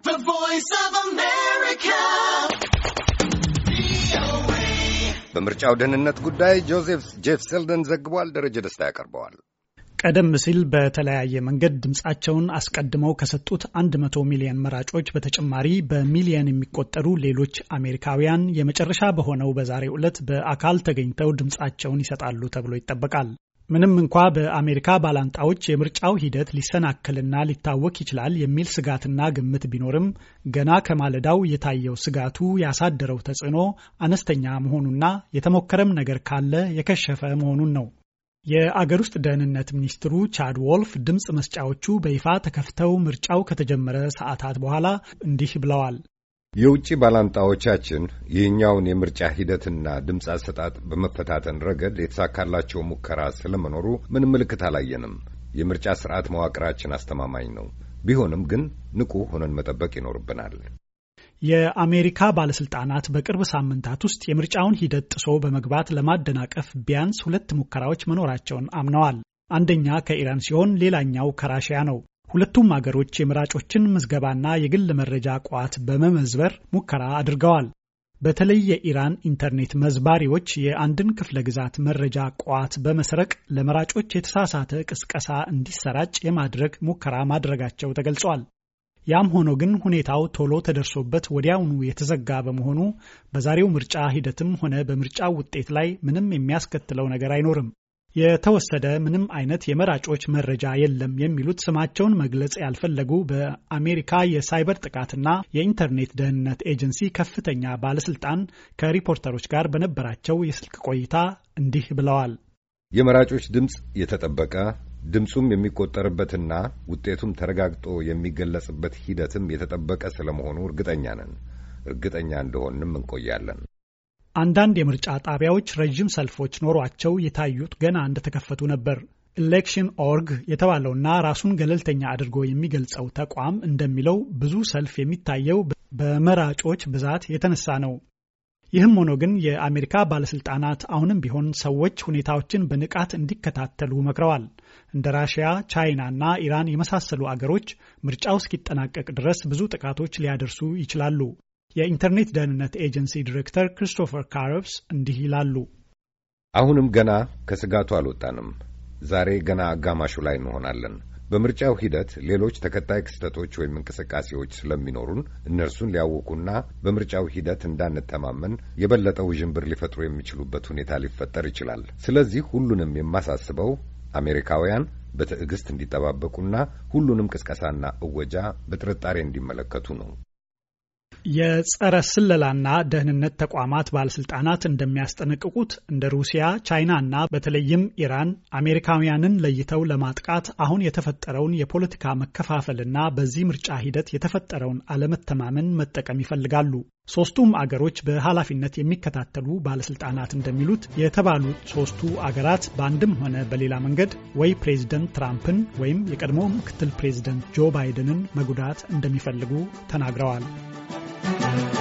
The Voice of America. በምርጫው ደህንነት ጉዳይ ጆዜፍ ጄፍ ሰልደን ዘግቧል። ደረጀ ደስታ ያቀርበዋል። ቀደም ሲል በተለያየ መንገድ ድምፃቸውን አስቀድመው ከሰጡት 100 ሚሊዮን መራጮች በተጨማሪ በሚሊየን የሚቆጠሩ ሌሎች አሜሪካውያን የመጨረሻ በሆነው በዛሬው ዕለት በአካል ተገኝተው ድምፃቸውን ይሰጣሉ ተብሎ ይጠበቃል። ምንም እንኳ በአሜሪካ ባላንጣዎች የምርጫው ሂደት ሊሰናከልና ሊታወክ ይችላል የሚል ስጋትና ግምት ቢኖርም ገና ከማለዳው የታየው ስጋቱ ያሳደረው ተጽዕኖ አነስተኛ መሆኑና የተሞከረም ነገር ካለ የከሸፈ መሆኑን ነው። የአገር ውስጥ ደህንነት ሚኒስትሩ ቻድ ወልፍ ድምፅ መስጫዎቹ በይፋ ተከፍተው ምርጫው ከተጀመረ ሰዓታት በኋላ እንዲህ ብለዋል። የውጭ ባላንጣዎቻችን ይህኛውን የምርጫ ሂደትና ድምፅ አሰጣጥ በመፈታተን ረገድ የተሳካላቸው ሙከራ ስለመኖሩ ምን ምልክት አላየንም። የምርጫ ስርዓት መዋቅራችን አስተማማኝ ነው። ቢሆንም ግን ንቁ ሆነን መጠበቅ ይኖርብናል። የአሜሪካ ባለስልጣናት በቅርብ ሳምንታት ውስጥ የምርጫውን ሂደት ጥሶ በመግባት ለማደናቀፍ ቢያንስ ሁለት ሙከራዎች መኖራቸውን አምነዋል። አንደኛ ከኢራን ሲሆን ሌላኛው ከራሽያ ነው። ሁለቱም አገሮች የመራጮችን ምዝገባና የግል መረጃ ቋት በመመዝበር ሙከራ አድርገዋል። በተለይ የኢራን ኢንተርኔት መዝባሪዎች የአንድን ክፍለ ግዛት መረጃ ቋት በመስረቅ ለመራጮች የተሳሳተ ቅስቀሳ እንዲሰራጭ የማድረግ ሙከራ ማድረጋቸው ተገልጿል። ያም ሆኖ ግን ሁኔታው ቶሎ ተደርሶበት ወዲያውኑ የተዘጋ በመሆኑ በዛሬው ምርጫ ሂደትም ሆነ በምርጫው ውጤት ላይ ምንም የሚያስከትለው ነገር አይኖርም። የተወሰደ ምንም አይነት የመራጮች መረጃ የለም የሚሉት ስማቸውን መግለጽ ያልፈለጉ በአሜሪካ የሳይበር ጥቃትና የኢንተርኔት ደህንነት ኤጀንሲ ከፍተኛ ባለስልጣን ከሪፖርተሮች ጋር በነበራቸው የስልክ ቆይታ እንዲህ ብለዋል። የመራጮች ድምፅ የተጠበቀ ድምፁም የሚቆጠርበትና ውጤቱም ተረጋግጦ የሚገለጽበት ሂደትም የተጠበቀ ስለመሆኑ እርግጠኛ ነን። እርግጠኛ እንደሆንም እንቆያለን። አንዳንድ የምርጫ ጣቢያዎች ረዥም ሰልፎች ኖሯቸው የታዩት ገና እንደተከፈቱ ነበር። ኢሌክሽን ኦርግ የተባለውና ራሱን ገለልተኛ አድርጎ የሚገልጸው ተቋም እንደሚለው ብዙ ሰልፍ የሚታየው በመራጮች ብዛት የተነሳ ነው። ይህም ሆኖ ግን የአሜሪካ ባለስልጣናት አሁንም ቢሆን ሰዎች ሁኔታዎችን በንቃት እንዲከታተሉ መክረዋል። እንደ ራሽያ፣ ቻይና እና ኢራን የመሳሰሉ አገሮች ምርጫው እስኪጠናቀቅ ድረስ ብዙ ጥቃቶች ሊያደርሱ ይችላሉ። የኢንተርኔት ደህንነት ኤጀንሲ ዲሬክተር ክሪስቶፈር ካረብስ እንዲህ ይላሉ። አሁንም ገና ከስጋቱ አልወጣንም። ዛሬ ገና አጋማሹ ላይ እንሆናለን። በምርጫው ሂደት ሌሎች ተከታይ ክስተቶች ወይም እንቅስቃሴዎች ስለሚኖሩን እነርሱን ሊያውቁና በምርጫው ሂደት እንዳንተማመን የበለጠ ውዥንብር ሊፈጥሩ የሚችሉበት ሁኔታ ሊፈጠር ይችላል። ስለዚህ ሁሉንም የማሳስበው አሜሪካውያን በትዕግስት እንዲጠባበቁና ሁሉንም ቅስቀሳና እወጃ በጥርጣሬ እንዲመለከቱ ነው። የጸረ ስለላና ደህንነት ተቋማት ባለስልጣናት እንደሚያስጠነቅቁት እንደ ሩሲያ፣ ቻይና እና በተለይም ኢራን አሜሪካውያንን ለይተው ለማጥቃት አሁን የተፈጠረውን የፖለቲካ መከፋፈልና በዚህ ምርጫ ሂደት የተፈጠረውን አለመተማመን መጠቀም ይፈልጋሉ። ሶስቱም አገሮች በኃላፊነት የሚከታተሉ ባለስልጣናት እንደሚሉት የተባሉት ሶስቱ አገራት በአንድም ሆነ በሌላ መንገድ ወይ ፕሬዚደንት ትራምፕን ወይም የቀድሞ ምክትል ፕሬዚደንት ጆ ባይደንን መጉዳት እንደሚፈልጉ ተናግረዋል። Thank you.